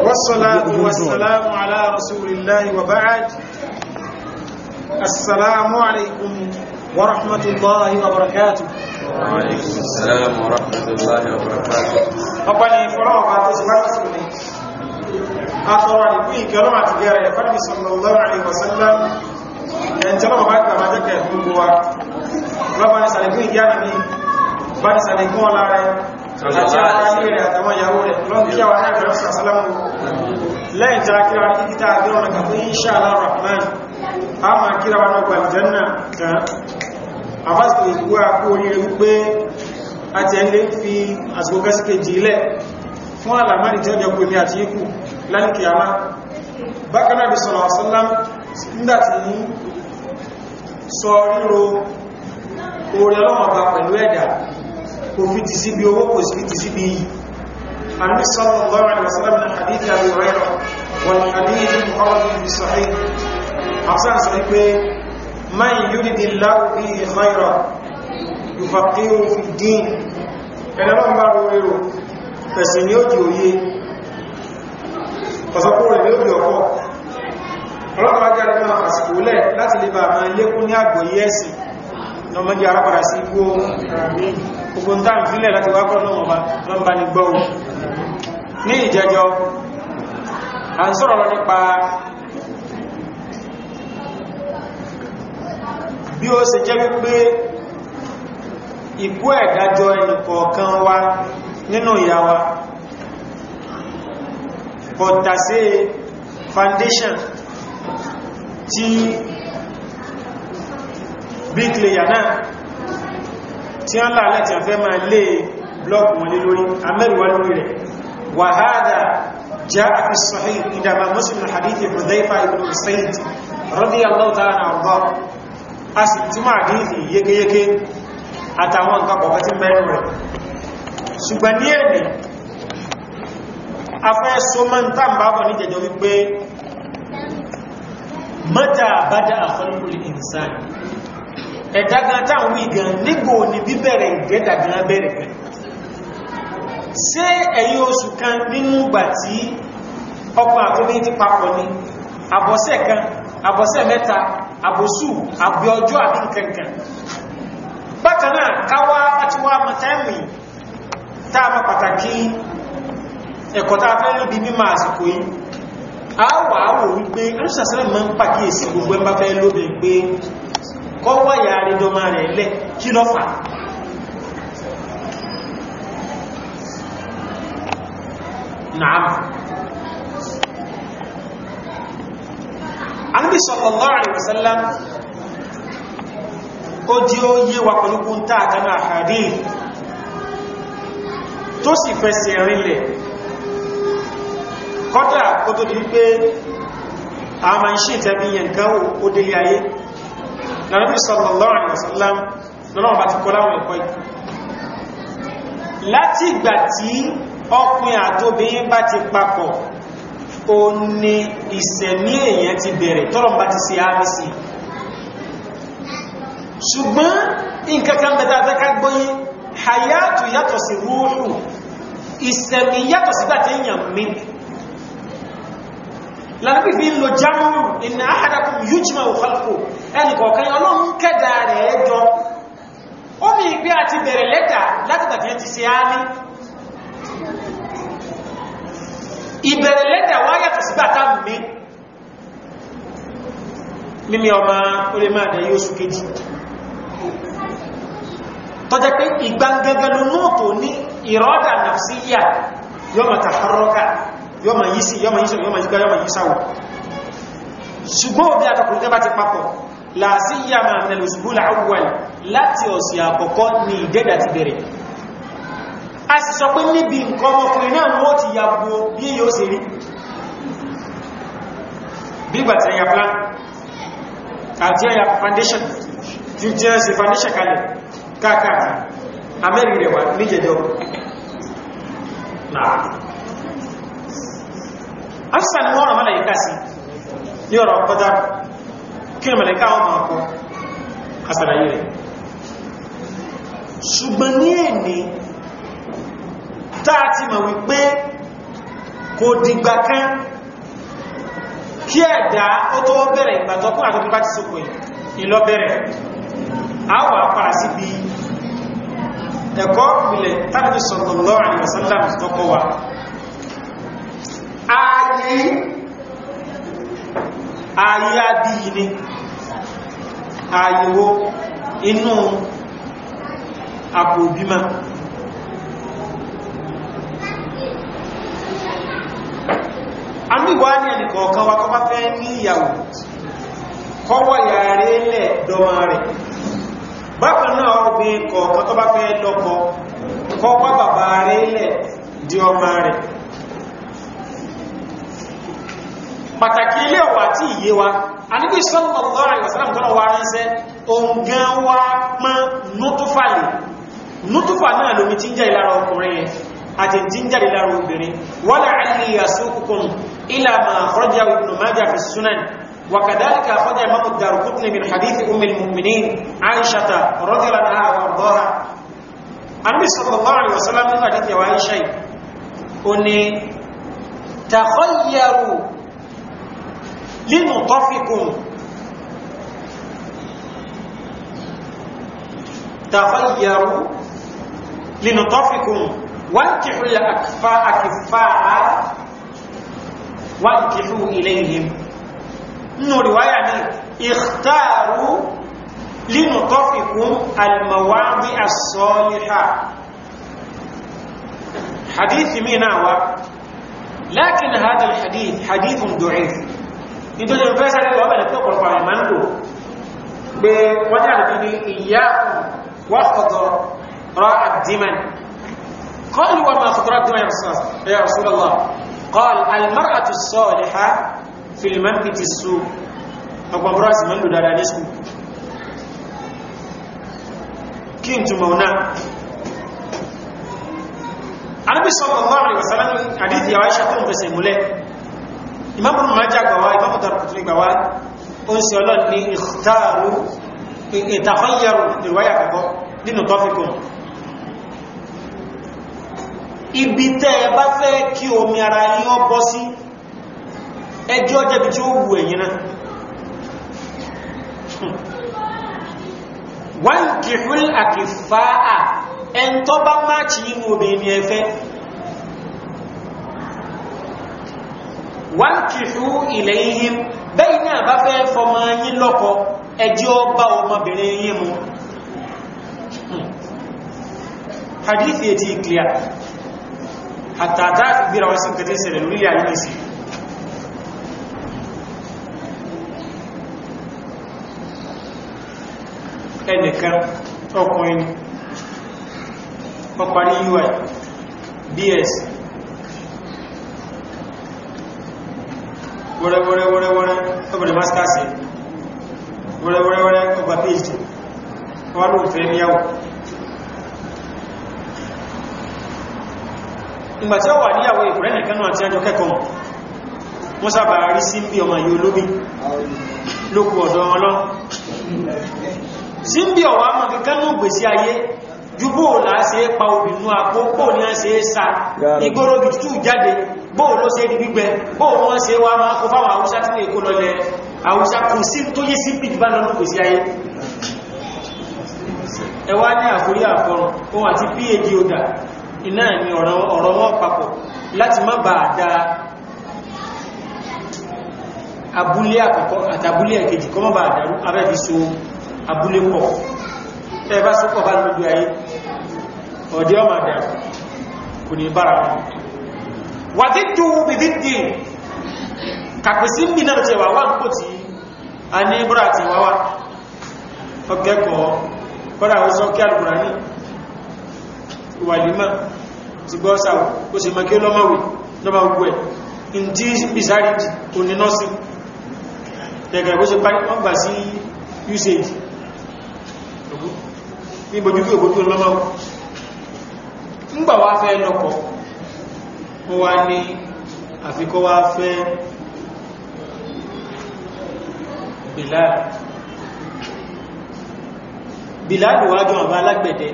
والصلاة والسلام على رسول الله وبعد السلام عليكم ورحمة الله وبركاته وعليكم السلام ورحمة الله وبركاته أبني فرعب أتسمعني أطرع لكي كلمة جارة فرمي صلى الله عليه وسلم أن ترى بعد ما تكهدوا ربنا سألكم جانبي بني سألكم الله àti aráyé rẹ̀ àtàwọn ìyàwó rẹ̀ lọ́n kí àwọn aráyé rẹ̀ sàṣàlámù lẹ́yìn tí a kíra ní títà àdéhùn ẹ̀kà fún insha Allah rahman a ma kíra wọn ọgbà ìjẹ́nà kan àbáṣe ìkú àkú oríire wípé a sọ ríro orí ọlọ́mọba pẹ̀lú ẹ̀dà kò fi ti síbi owó kò sí ti síbi yìí Ànábì sallallahu alaihi wasallam ní hadith Abi Hurairah wal hadith muhammadu fi sahih hasan sọ wípé man yuridillahu bihi khayran yufaqihu fi din ẹ̀nà náà bá rọrọ èrò pẹ̀sìn ni ó di òye ọ̀sọ̀kúrò rẹ̀ ọlọ́pàá jẹ́ ọmọ àsìkò lẹ̀ láti lè bàbá lékún ní àgbòyé ẹ̀sìn lọ́mọdé arápadà sí igbó gbogbo táàmù sílẹ̀ láti wákọ́ lọ́wọ́ba lọ́nbá ní gbọ́wù ní ìjẹjọ́ a ń sọ̀rọ̀ nípa bí ó ṣe jẹ́ wípé ikú ẹ̀dájọ́ ẹnìkọ̀ọ̀kan wá nínú ìyá wa pọ̀tàsí foundation tí bricklayer náà tí a ń láàrín àti àfẹ́ máa lé blọ́ọ̀kù wọn lé lórí amẹ́rìwá lórí rẹ̀ wàhádà já àfi sahih ìdàmà muslim hadithi hudhaifa ibn usaid radiyallahu ta'ala arda a sì tí máa hadithi yékéyéké àtàwọn nǹkan kọ̀ọ̀kọ́ tí mẹ́rin rẹ̀ ṣùgbọ́n ní èdè ẹ̀dá gan táwọn wí gan nígbò ní bíbẹ̀rẹ̀ ìjẹ́dà gan bẹ̀rẹ̀ pẹ̀lú ṣé ẹ̀yìn oṣù kan nínú ìgbà tí ọkọ̀ àtọ́bí ti papọ̀ ni àbọ̀sẹ̀ kan àbọ̀sẹ̀ mẹ́ta àbòsù àbí ọjọ́ àbí nkankan bákanáà káwá láti wá mọ̀tẹ́mì táà mọ̀ pàtàkì ẹ̀kọ́ táà fẹ́ lóbi mímọ̀ àsìkò yìí a wà á wò wípé ẹ̀rùsàsẹ́lẹ̀ mọ́ ń pàkíyèsí gbogbo ẹ̀ fẹ́ lóbi pé kọ́ wáyà àrídọ́mà rẹ̀ lẹ́ kí ló fà Naam. Ànábì sallallahu alaihi wasallam ó di ó yé wa pẹ̀lú kúntà àtàmà tó sì fẹsẹ̀ rinlẹ̀ kọ́dà kó tó di wípé a ma ń ṣe ìtẹ́bí yẹn kan ó délé ayé lọ́nàbí sallallahu alaihi wasallam lọ́nà bá ti kọ́ láwọn ẹ̀kọ́ yìí láti ìgbà tí ọkùnrin àtóbìnrin bá ti papọ̀ o ní ìsẹ̀mí èèyàn ti bẹ̀rẹ̀ tọ́rọ̀ bá ti ṣe àmì sí ṣùgbọ́n nǹkankan bẹ̀ta àtẹ́ká gbóyí hayatu yàtọ̀ sí rúrù ìsẹ̀mí yàtọ̀ sí gbà tí èèyàn mìíràn lànàbí fi ń lo jámùrù ìnà àhàdàkùn yújìmọ̀ òfàlùkù ẹnì kọ̀ọ̀kan ọlọ́run kẹ́dà rẹ̀ jọ ó ní ìgbé àti bẹ̀rẹ̀ lẹ́tà látàtàkì ti ṣe á ní ìbẹ̀rẹ̀ lẹ́tà wá yàtọ̀ sí bàtà mi mímí ọmọ orí yọ́ ma yí sí yọ́ ma yí sọ̀rọ̀ yọ́ ma yí gbáyọ́ ma yí sáwọ̀ ṣùgbọ́n òbí àtọkùnrin tẹ́ bá ti papọ̀ láàsí yà máa mẹ́lẹ̀ òṣùgbúlà awwal láti ọ̀sẹ̀ àkọ́kọ́ ní ìdẹ́dà ti bẹ̀rẹ̀ a sì sọ pé níbi nǹkan ọmọkùnrin náà wọ́n ti ya gbogbo bí yóò ṣe rí bígbà tí ẹ̀yà plan àti ẹ̀yà foundation tí ó jẹ́ ṣe foundation kalẹ̀ káàkiri amẹ́rin rẹ̀ wà níjẹjọ náà afisa ni wọ́n rán màláíkà sí ní ọ̀rọ̀ kọjá kí ni màláíkà wọ́n máa kọ́ àsàlàyé rẹ̀ ṣùgbọ́n ní èní táà ti mọ̀ wípé kò dìgbà kan kí ẹ̀dá ó tó bẹ̀rẹ̀ ìgbàtọ́kún àtọ́kún bá ti sókò ìlọ́bẹ̀rẹ̀ àwọ̀ àpàrà sí bí ẹ̀kọ́ ìpìlẹ̀ tàbí sallallahu alaihi wasallam tọ́kọ́ wa yí ayé adìyí ni àyíwó inú àpòbímá àmìwá ní ẹnìkọ̀ọ̀kan wa ya fẹ́ ní ìyàwó kọ́wọ́ ìyàrí ilẹ̀ dọ́mà rẹ̀ bákan náà obìnrin kọ̀ọ̀kan tó bá fẹ́ lọ́kọ kọ́wọ́ bàbá rẹ̀ ilẹ̀ di ọmọ rẹ̀ pàtàkì ilé ọ̀wà tí ìyé wa Ànábì sallallahu alaihi wasallam tọ́nà wa ránṣẹ́ òǹgan wa pọ́n nútúfà lè nútúfà náà lómi tí ń jẹ́ ìlara ọkùnrin yẹn àti tí ń jáde lára obìnrin wala alli yasukukum ila ma kharaja ibn majah fi sunan وكذلك أخرج إمام الدارقطني من حديث أم المؤمنين عائشة رضي الله عنها وأرضاها النبي صلى الله عليه وسلم من حديث وعائشة أني تخيروا لنطفكم تغيروا لنطفكم وانكحوا الأكفاء كفاء وانكحوا إليهم إنه رواية اختاروا لنطفكم المواضع الصالحة حديث مين لكن هذا الحديث حديث ضعيف nítorí ọ̀fẹ́ sáré lọ bẹ̀rẹ̀ tí ọ̀pọ̀lọpọ̀ àwọn ìmọ̀ ń lò pé wọ́n ní àdúgbò ní ìyá wọ́n fọ̀dọ̀ rọ àdìmẹ́n kọ́ọ̀lù wọn máa fọ̀dọ̀ àdìmẹ́n ya Rasulullah kọ́ọ̀lù almar'atu saliha fil manbiti su ọgbọ̀n búrọ́sì mọ́ ń lò dáadáa ní tó ń ìmáàmù májá gbàwá ìmáàmù tàrùkùtù ní gbàwá ó ń se ọlọ́n ní ìtààrù ìtàfẹ́yẹrù ìwáyà kàbọ́ nínú tọ́fikùn ibi tẹ́ ẹ bá fẹ́ kí omi ara yín ọ bọ́ sí ẹjọ́ jẹ́bi tí ó wù ẹ̀yìn náà wọ́n kìrìl àkìfáà ẹn tó bá máàkì inú obìnrin ẹfẹ́ wọ́n kìfú ilẹ̀ ihim bẹ́yìn náà bá fẹ́ fọmọ yín lọ́kọ ẹjọ́ bá ọmọbìnrin yín mu hadithi ẹ̀ ti clear àtàtà fi gbíra wọ́n sí kẹtẹ́ sẹ̀rẹ̀ lórí àyíkẹsì ẹnìkan ọkùnrin ọparí ui bs wẹ́rẹ́wẹ́rẹ́wẹ́rẹ́ ó bẹ̀rẹ̀ masters wẹ́rẹ́wẹ́rẹ́wẹ́rẹ́ ó gba phd wọ́n ló fẹ́ níyàwó ìgbà tí ó wà níyàwó ìkùrẹ́ nìkan náà tí a jọ kẹ́kọ̀ọ́ wọ́n sábà rí sí bí ọmọ yìí olóbi lókù ọ̀dọ́ wọn lọ sí bí ọ̀wọ́ àmọ́ kankan ní ògbèsí ayé ju bóòlá se é pa obìnú àpò bóòlá ní ṣe é sa ìgbóró gìtútù jáde bóòló ṣe di gbígbẹ bóòló wọ́n se wá ma kó fáwọn àwúṣá tí lè kó lọlẹ̀ àwúṣá kò sí tó yé sí pìtì bá lọ́nà kò sí ayé ẹwà ní àforí àfọrùn ohun àti phd ọ̀dà iná ẹ̀mí ọ̀rọ̀ wọn papọ̀ láti má bà á da abúlé àkọ́kọ́ àti abúlé ẹ̀kejì kọ́ mọ́ bà á dàrú abẹ́bí so abúlé pọ̀ tẹ́ bá sọ́pọ̀ bá lójú ayé ọ̀dẹ́ ọmọ àdá kò ní bára wà tí jù bìbí dì kàpẹsí bí náà tẹ̀wà wà ń pò tí a ní búra àti wáwá ọgẹ́kọ̀ọ́ kọ́dà ó sọ kí alùkùnrin ní ìwà ìlúmọ̀ ti gbọ́ sáwọ̀ ó sì mọ́ kí ó lọ́mọ̀wé lọ́mọ̀ ogun ẹ̀ in ńgbà wá fẹ́ lọ́kọ̀ ó wá ní àfikọ́ wá fẹ́ Bilal Bilal wájú àbá alágbẹ̀dẹ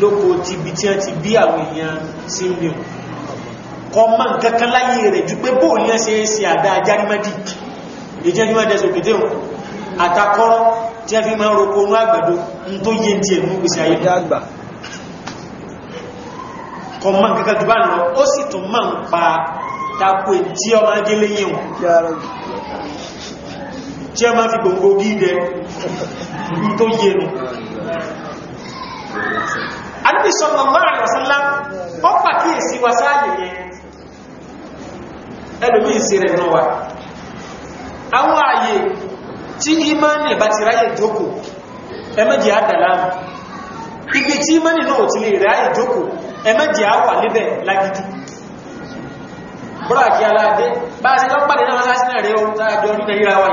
lóko ti bí tí wọ́n ti bí àwọn èèyàn símbìun kọmọ nkankan láyé rẹ̀ jù pé bóò ní ẹsẹ̀ ẹsẹ̀ àdá ajárímẹ́dì ìjẹ́júmẹ́dẹ́sọ̀ pẹ̀tẹ́hùn àtakọ́rọ́ tí a fi máa roko ní àgbàdo ń tó yé ti ẹ̀mú pèsè ayé àgbà kọ ma gẹ́gẹ́ jù bá lọ ó sì tún ma ń pa tako tí ọmọ agélé yìí wọn tí ọmọ fi gbogbo gídẹ tó yé nù Ànábì sallallahu alaihi ó pàkíyèsí wa sáàyè ẹlòmí ìsẹ̀rẹ̀ náà wà àwọn ààyè tí bá ti ráyè jókòó ẹmẹ́jì àdàlá ibi tí náà ti lè ẹmẹ́jì àwà níbẹ̀ lágidi bọ́ràkí aláàdé bá a ṣe lọ pàdé náà lásìnà rẹ̀ ohun tààjọ orí nàíra wà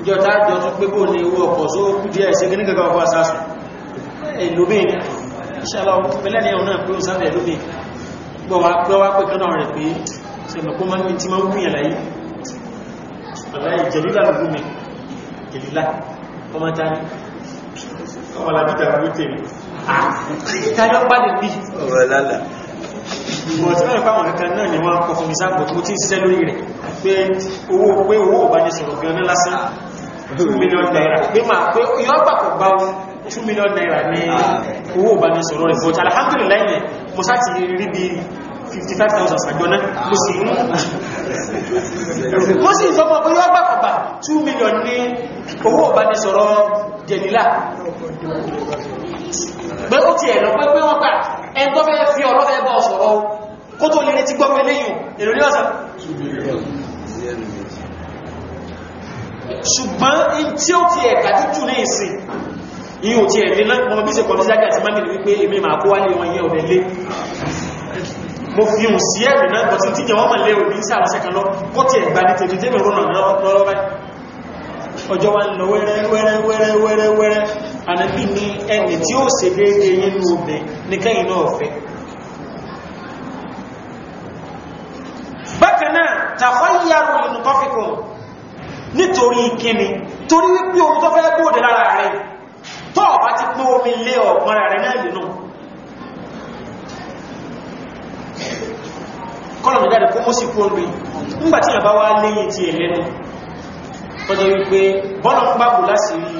ìjọ tààjọ tún pé bó ní owó ọkọ̀ só kú díẹ̀ ṣe gíní gẹ́gẹ́ ọkọ̀ asásù ẹ̀lóbìn ìṣàlọ́ pẹ̀lẹ́ ní ọ̀nà pé ó sáfẹ́ ẹ̀lóbìn gbọ́ wa pẹ́ wá pẹ́ kánà rẹ̀ pé ṣe mọ̀kó máa ń tí máa ń gbìyàn láyé aláì jẹ̀lílà ló gúnmi jẹ̀lílà ọmọ tani ọmọ làbítà ló tèmi ìtajọ́ pàdé bí ọ̀rọ̀lálà ìgbọ̀tọ́rọ̀ fáwọn kankan náà ni wọ́n kọ fún ìsáàpọ̀ tó tí ń sẹ́ lórí rẹ̀ pé owó pé owó ò bá ní sọ̀rọ̀ gan ní lásán 2 million naira pé máa pé yọ́ pàpọ̀ bá 2 million naira ní owó ò bá ní sọ̀rọ̀ rẹ̀ but alhamdulillah yẹn mo sá ti rí bí 55,000 sàjọ́nà mo sì ń mo sì sọ pé yọ́ pàpọ̀ bá 2 million ní owó ò bá ní sọ̀rọ̀ jẹ̀lílà ti ẹ̀ lọ pé pé wọ́n gbà ẹgbọ́ fẹ́ fi ọ̀rọ̀ fẹ́ bọ́ sọ̀rọ̀ kó tó lè ti gbọ́mọ eléyìn èrò ní ọ̀sán ṣùgbọ́n in tí ó ti ẹ̀ka jújù ní ìsìn yìí ò ti ẹ̀mí náà mọ́ bí ṣe kọ̀ nígbàgbà tí máa nìlú wípé èmi máa kó wá lé wọn yẹ ọ̀rẹ́ lé mo fi hùn sí ẹ̀mí náà bọ̀ tí tí jẹ́ wọ́n mọ̀ lé òbí sáà lọ́sẹ̀ kan lọ kó ti wa ń lọ wẹ́rẹ́ wẹ́rẹ́ wẹ́rẹ́ wẹ́rẹ́ ànàbí ní ẹni tí ó ṣe déédé nínú obẹ̀ ní kẹ́yìn náà fẹ́ bákanáà tàfáyàrò ìnùtọ́fikùn nítorí kíni torí wípé omi tó fẹ́ bóòdè lára rẹ̀ tó ọ̀bá ti pín omi lé ọ̀pọ̀ rẹ̀ náà lè náà kọ́lọ̀mù jáde kó mú sí kó lè nígbàtí ìyàbá wá léyìn ti ẹ̀lẹ́nu tọ́jọ́ wípé bọ́nà ń gbàgbò láti rí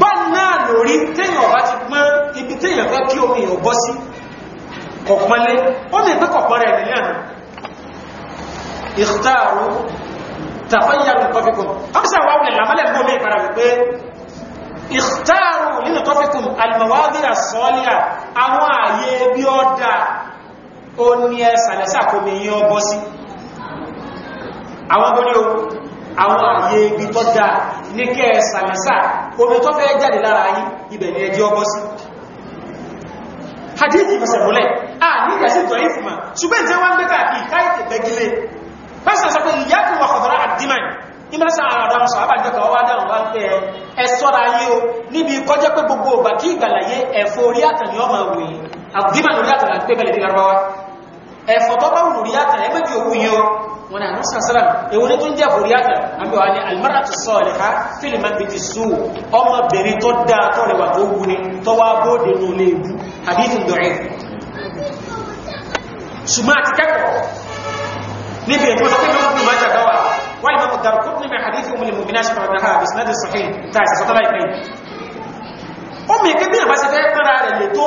bá náà lórí téèyàn ọba ti pọ́n ibi téèyàn fẹ́ kí omi èèyàn bọ́ sí kọ̀pọ́nlé ó lè pẹ́ kọ̀pọ́n rẹ̀ nílẹ̀ náà ìtààrù tàfẹ́yàrù tọ́fikùn amsa wà wùlẹ̀ lámọ́lẹ̀ mọ́ mi ìpara wípé ìtààrù nínú tọ́fikùn alìmọ̀wádìí àsọ́ọ́líà àwọn ààyè bí ó dà ó ní ẹ omi tó fẹ́ jáde lára ayé ibẹ̀ ni ẹjẹ́ ọgbọ́ sí hadithi fẹsẹ̀múlẹ̀ a ní ìyàsí ìtọ̀ ìfìmà ṣùgbẹ́ ìtẹ́ wọ́n gbẹ́ta ìkáyìtì bẹ́gilé pẹ́sẹ̀ sọ pé ìyákùn wà fọ̀dọ̀rá àdìmà ìmẹ́sà àràdàmù sọ àbájẹ́kọ̀ ọwá dáhùn wá ń pẹ́ ẹ sọ́ra ayé o níbi kọjẹ́ pé gbogbo ọba kí ìgbàlàyé ẹ̀fọ́ orí àtàní ọmọ òwe àdìmà lórí àtàní àti pé bẹ̀lẹ̀ ní larabawa ẹ̀fọ́ tó bá wù lórí àtàní ẹgbẹ́ bí òwú yẹn wọn ni àníṣà sálàmù èwo ní tó ń jẹ́ kòríátà àmì wà ní almaratu saliha fílìmà bí ti sú ọmọbìnrin tó dá tó rẹwà tó wú ni tó wá bóde nù lè bú àdífin dọ̀rẹ́ ṣùgbọ́n àti kẹ́kọ̀ọ́ níbi ètò sọ pé mẹ́wọ́n bí máa jàgbá wa ni mọ́kọ̀ dàrú kúrò níbi àdífin omi lèmọ̀ bínà ṣùgbọ́n dáhà bí sinadi sọ̀hìn tá ìsẹ̀ sọ́tọ́ láìpẹ́ ó mi kí bí ìbáṣe fẹ́ pẹ́ra rẹ̀ lè tó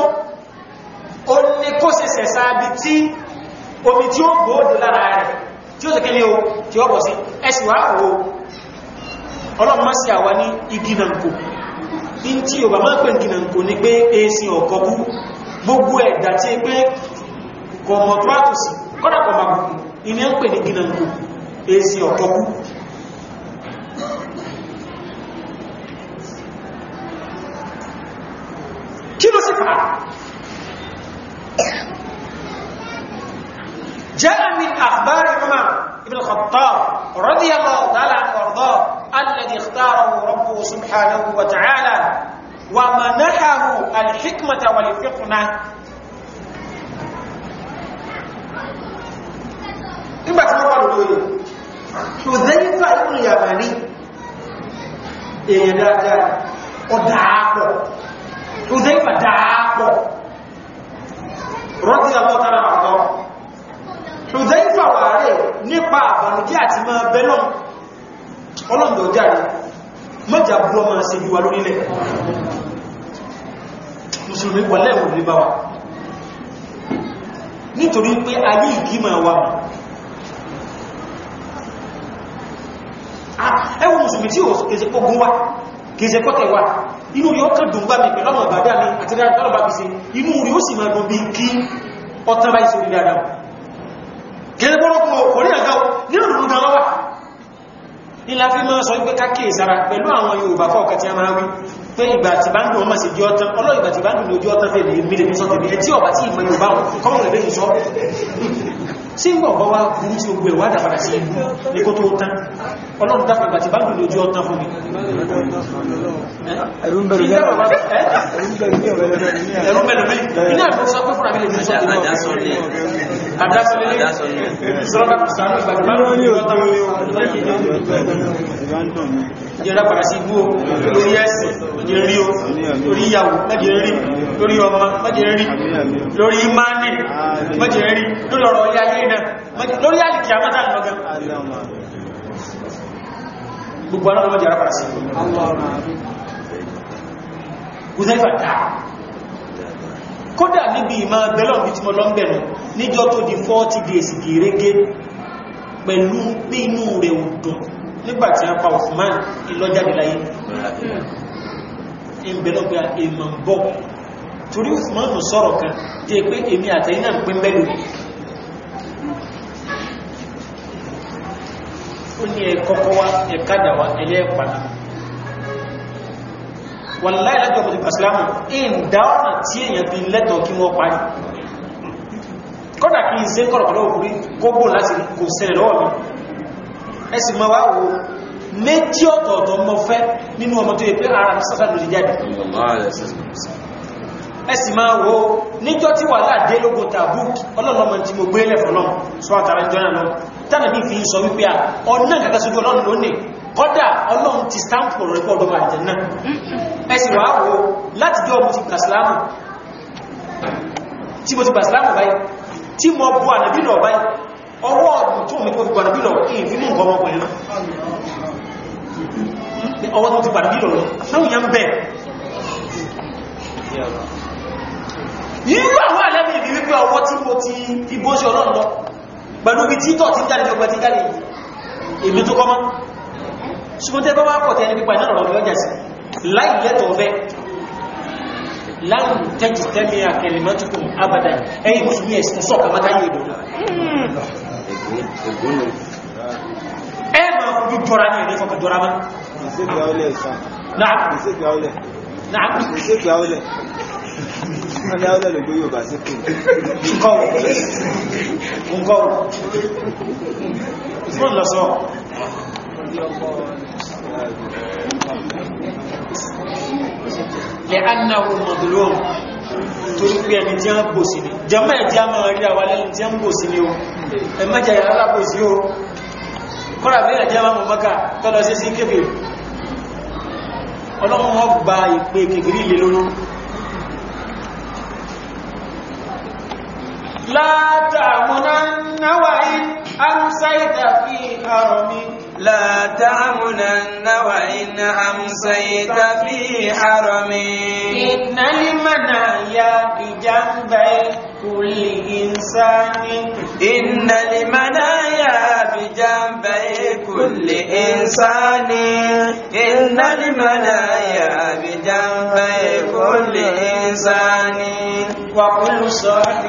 ó ní kó ṣe ṣẹ̀ṣà bí tí omi tí ó gbòódò lára rẹ̀ tí ó tẹ́kẹ́lé o tí ó bọ̀ sí ẹ̀sì wá o ọlọ́mọ sí àwa ní iginankò ní tí yóò bá máa pè iginankò ní pé èsì ọ̀kọ̀kú gbogbo ẹ̀dà tí pé kọmọ̀tọ́tùsì kọ́dàkọ̀mọ̀ الخطاب رضي الله تعالى عنه وارضاه الذي اختاره ربه سبحانه وتعالى ومنحه الحكمة والفقنة nígbà tí wọ́n wà lórí Hudhaifa ibn Yamani èèyàn dáadáa ọ̀dà àǹfààní àti máa bẹ́lọ́n ọlọ́ndọ̀ járe mọ́jà búrọ́ máa ṣe yíwa lórílẹ̀ mùsùlùmí wà lẹ́wọ̀n ní bá wa nítorí pé ayé ìgímọ̀ wa ẹwọ mùsùlùmí tí ó kèsè ogun wa kèsè pọ́tẹ̀ wa inú rí ọkàn dùn bá mi pẹ̀lọ́mọ̀ bàdá mi àti dáadáa bá fi se inú rí ó sì máa dùn bí kí ọtán bá ìsorí dáadáa kẹrẹ bọ́rọ̀ nílá fi máa sọ pé kákèé sára pẹ̀lú àwọn Yorùbá kọ̀ọ̀kan tí a máa wí pé ìgbà tí bá ń dùn ọmọ sí jẹ́ ọtán ọlọ́ ìgbà tí bá ń dùn lójú ọtán fẹ́ lèmi lèmi sọ tèmi ẹtí ọba tí ìmọ̀ Yorùbá wọn kọ́mọ̀ lè lẹ́yìn sọ sí ìgbà ọba wa burú sí ogun ẹ̀wà dàpadà sí ìlú ní kó tó adásílẹ̀ ìṣọ́lá sàánú ìgbàgbà lórí ọ̀tọ́ ìjẹ́ra padà sí ibú lórí ẹ̀sìn ìjẹ́rí o lórí ìyàwó mẹ́jẹ̀rí lórí ọmọ mẹ́jẹ̀rí lórí ìmáni mẹ́jẹ̀rí lórí ọ̀rọ̀ ilé ayé náà lórí àdìkì àmọ́ta lọ́gán gbogbo aláwọ̀ mẹ́jẹ̀ra padà sí kódà níbi ìmọ̀ bẹ́lọ̀n bí tí mo lọ́m̀bẹ̀nù níjọ́ tó di 40 days gẹ̀rẹ́gẹ́ pẹ̀lú pínú rẹ̀ òdùn nígbàtí a pa Osman ìlọ́jáde láyé ìbẹ̀lọ́gbà èèmọ̀ bọ́ torí Osman sọ̀rọ̀ kan tí è pé èmi àtẹ́yìn náà pín bẹ́lú ó ní ẹ̀kọ́kọ́ wá ẹ̀kádà wàláì lẹ́tọ̀ fún ìgbàsílámù in dáwọ́nà tí èyàn fi lẹ́tọ̀ kí wọ́n parí kọ́nà kí n se kọ́rọ̀kọ́rọ̀ òkúrí gbogbo láti kò sẹ́rẹ̀ lọ́wọ́ mi ẹsì mọ́ wá wo méjì ọ̀tọ̀ọ̀tọ̀ mọ́ fẹ́ nínú ọmọ tó yẹ pé ara mi sọ́sà lórí jáde ẹsì máa wo níjọ́ tí wà láàdé lógo tàbú ọlọ́lọ́mọ tí mo gbé lẹ́fọ̀ náà sọ àtàrà ìjọ náà ọlọ́run ti stamp ọ̀rọ̀ ẹ̀kọ́ ọdọ́mọ àjẹ náà wà wò láti jọ mo ti gbà sílámù tí mo ti gbà sílámù báyìí tí mo bu ànàbí lọ báyìí ọwọ́ ọ̀dùn tó mi kó fi gbànàbí lọ kí ìfimú nǹkan ọmọkùnrin náà ọwọ́ tó ti gbànàbí lọ lọ àfẹ́wọ̀n yẹn bẹ́ẹ̀ nínú àwọn àlẹ́bì ìbí wípé ọwọ́ tí mo ti ibó ṣe ọlọ́run lọ pẹ̀lú bí títọ̀ tí jáde jọ pẹ̀tí jáde èmi ṣùgbọ́n tẹ́ wá pọ̀ tẹ́ nípa ìlànà ọ̀rọ̀ ọjà láì lẹ́tọ̀ bẹ́ láàrín tẹ́jì tẹ́mí àkẹlẹ̀mọ́tìkùn abàdà ẹ̀yìn mùsùlùmí ẹ̀sùn sọ kàmátáyé ìdò ẹ ma kú jọra ní ẹ̀rẹ́ fọ́kà jọra máa Ìsìnkọ́ lọ sọ lẹ́annáwó mọ̀dúlóhùn torí pé ẹni tí wọ́n bò sí ni jẹ́mọ́ ẹ̀ tí a máa rí àwọn alẹ́ni tí wọ́n bò sí ni o ẹ yàrá lábò sí o kọ́ra bí ẹ̀jẹ̀ máa mọ̀ mọ́ká tọ́lọ sí sí kébè ọlọ́run wọ́n لا تعمنن وإن أمسيت في حرمي إن المنايا بجنبي كل إنسان إن المنايا بجنبي كل إنسان إن المنايا بجنبي كل إنسان وكل صاحب